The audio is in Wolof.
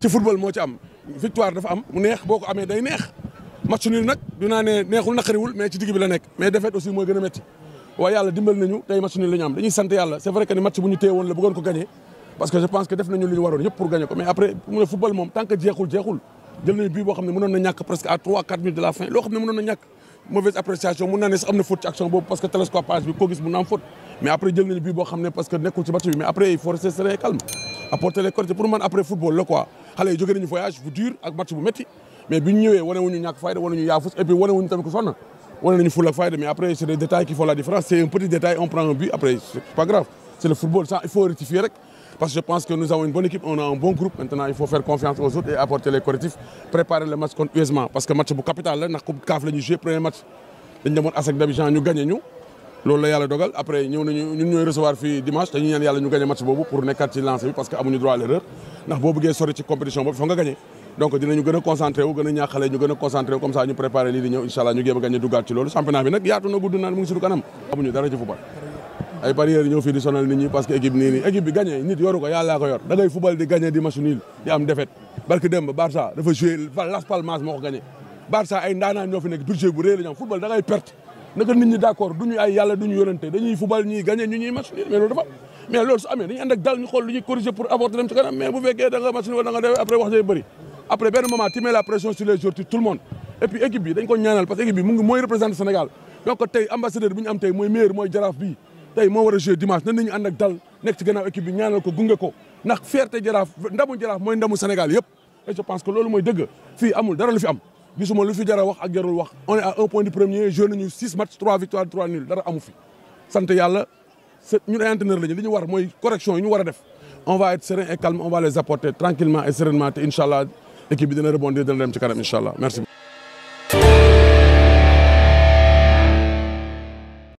ci football mo ci am victoire dafa am mu neex boko amé day neex match nul nak dinaa ne neexul nakariwul mais ci digg bi la nek mais défaite aussi moy gëna metti wa yalla dimbal nañu tay match nul la ñu am dañuy sant yalla c'est vrai que ni match bu ñu téye la bëggoon ko gagner parce que je pense que def nañu li waroon yëpp pour gagner ko mais après mu ne football mom tant que jeexul jeexul jël nañu bi bo xamné mënon na ñak presque à 3 4 minutes de la fin lo xamné mënon na ñak mauvaise appréciation mënon na sax amna na faute ci action boobu parce que télescopage bi ko gis mu na am faute mais après jël nañu bi bo xamné parce que nekkul ci match bi mais après il faut rester calme apporter les correctifs pour moi, après le football Allez, quoi vais faire un voyage vous dur Un match vous mettez, mais bi ñu ñëwee un wuñu fayda et puis vous avez tamit On sonn On fayda mais après c'est des détails qui font la différence c'est un petit détail on prend un but après c'est pas grave c'est le football ça il faut rectifier parce que je pense que nous avons une bonne équipe on a un bon groupe maintenant il faut faire confiance aux autres et apporter les correctifs préparer le match contre parce que match est capital la ndax coupe premier match dañ demoon nous nous. gagné nous loolu la yàlla dogal après ñëw nañu ñun ñooy recevoir fii dimanche te ñu ñaan yàlla ñu gagné match boobu pour nekkaat ci lancé bi parce que amuñu droit à l'erreur ndax boo bëggee sori ci compétition boobu fa nga gagné donc dinañu gën a concentré wu gën a ñaaxale ñu gën a concentré comme ça ñu préparé lii di ñëw incha ñu géem a gagné duggaat ci loolu championnat bi nag yaatu na gudd na mu ngi suñu kanam amuñu dara ci football ay parieurs ñëw fii di sonal nit ñi parce que équipe nii nii équipe bi gagné nit yoru ko yàlla ko yor da ngay football di gagné di match nul di am défaite barki démb Barça dafa joué Las Palmas moo ko gagné Barça ay ndaanaan ñoo fi nekk budget bu réy la ñu am football da ngay perte naka nit ñi d' accord duñu ay yàlla duñu yonante dañuy fubal ñuy gagné ñu ñuy match mais loolu dafa mais loolu su amee dañuy ànd dal ñu xool lu ñuy corriger pour aborder dem ci kanam mais bu fekkee da nga match wala da nga après wax day bëri après benn moment tu mets la pression sur les joueurs tout le monde et bi dañ ko ñaanal parce que équipe bi mu ngi mooy représenter Sénégal donc tey ambassadeur bi ñu am tey mooy maire mooy jaraaf a am gisuma lu fi jar wax ak wax on est à un point du premier joué nous six matchs trois victoires trois nuls dara amu fi. yalla. yàlla ñun ay entraîneur lañu li war correction Nous ñu war def on va être serein et calme on va les apporter tranquillement et sereinement te l'équipe de bi dina rebondir dina dem ci kanam Inch'Allah. merci.